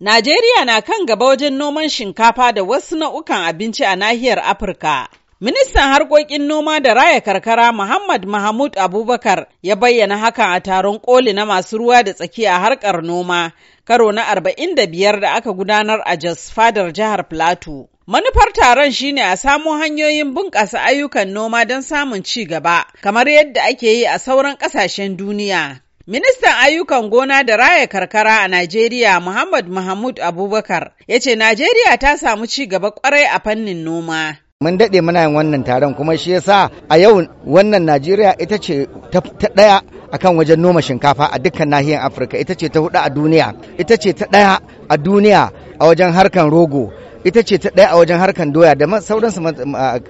Najeriya na kan gaba wajen noman shinkafa da wasu nau'ukan abinci a nahiyar Afirka. Ministan harkokin noma da raya karkara Muhammad Mahmud Abubakar ya bayyana hakan a taron koli na masu ruwa da tsaki a harkar noma karo na arba'in da biyar da aka gudanar a Jos Fadar jihar Plateau. Manufar taron shine a samo hanyoyin bunƙasa ayyukan noma don samun ci gaba, kamar yadda ake yi a sauran ƙasashen duniya. Ministan ayyukan gona da raya karkara a Najeriya Muhammad Mahmud Abubakar ya ce Najeriya ta samu ci gaba kwarai a fannin noma. Mun daɗe muna yin wannan taron kuma shi yasa a yau wannan Najeriya ita ce ta ɗaya kan wajen noma shinkafa a dukkan nahiyar Afirka ita ce ta hudu a duniya ita ce ta ɗaya a duniya a wajen harkan rogo ita ce ta ɗaya a wajen harkan doya da sauransu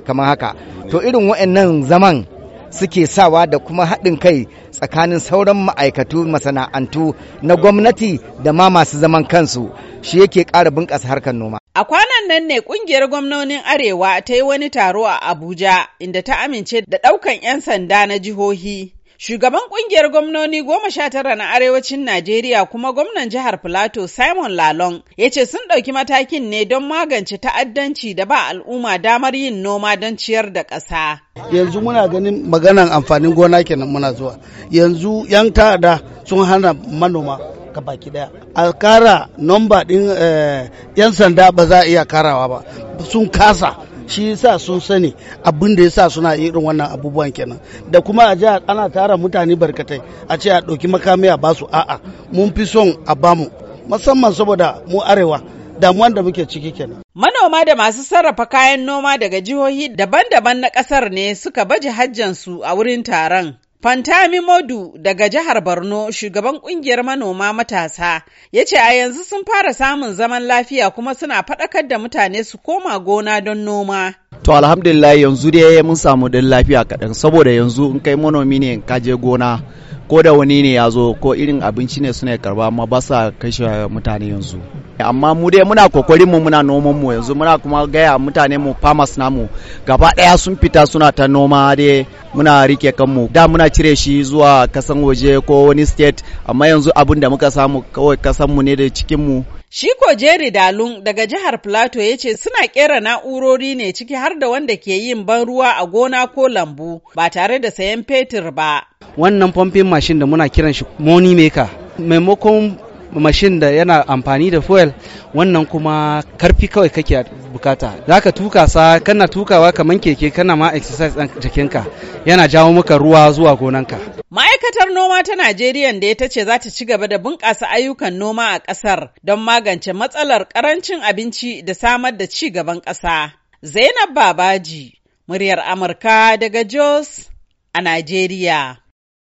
kamar haka to irin waɗannan zaman suke sawa da kuma haɗin kai tsakanin sauran ma'aikatu masana'antu na gwamnati da ma masu zaman kansu shi yake ƙara bunƙasa harkar noma. A kwanan nan ne ƙungiyar gwamnonin Arewa ta yi wani taro a Abuja inda ta amince da ɗaukan 'yan sanda na jihohi Shugaban kungiyar gwamnoni goma sha tara na arewacin Najeriya kuma gwamnan jihar Filato Simon Lalong ya ce sun ɗauki matakin ne don magance ta'addanci da ba al'umma damar yin noma don ciyar da ƙasa. Yanzu muna ganin maganan amfanin gona kenan muna zuwa. Yanzu 'yan ta'ada sun hana manoma ka baki daya a kara nomba din eh, yan sanda ba za a iya karawa ba sun kasa shi yasa sun sani abin da yasa suna irin wannan abubuwan kenan da kuma a jihar ana tara mutane barkatai a ce a ɗauki makami a basu a'a mun fi son a bamu musamman saboda mu arewa damuwan da muke ciki kenan. Manoma da masu sarrafa kayan noma daga jihohi daban-daban na ƙasar ne suka baje hajjansu a wurin taron. Fantami Modu daga jihar Borno shugaban kungiyar manoma matasa ya ce a yanzu sun fara samun zaman lafiya kuma suna faɗakar da mutane su koma gona don noma. To alhamdulillah yanzu dai mun samu din lafiya kaɗan saboda yanzu in kai manomi ne in je gona ko da wani ne ya zo ko irin abinci ne suna karba amma ba sa kashe mutane yanzu amma mu dai muna kokarin mu muna noman mu yanzu muna kuma gaya mutane mu farmers namu gaba daya sun fita suna ta noma dai muna rike kanmu da muna cire shi zuwa kasan waje ko wani state amma yanzu abin da muka samu kawai kasan mu ne da cikin mu Shi ko jeri Dalun daga jihar Plateau ya ce suna kera na'urori ne ciki har da wanda ke yin ban ruwa a gona ko lambu ba tare da sayan fetur ba. wannan pumping machine da muna kiran shi money maker maimakon mashin da yana amfani da fuel wannan kuma karfi kawai kake bukata za ka tuka sa kana tukawa kamar keke kana ma exercise ɗan jikinka yana jawo maka ruwa zuwa gonanka ma'aikatar noma ta najeriya da ta ce za ta ci gaba da bunƙasa ayyukan noma a ƙasar don magance matsalar ƙarancin abinci da samar da ci gaban ƙasa zainab babaji muryar amurka daga jos a najeriya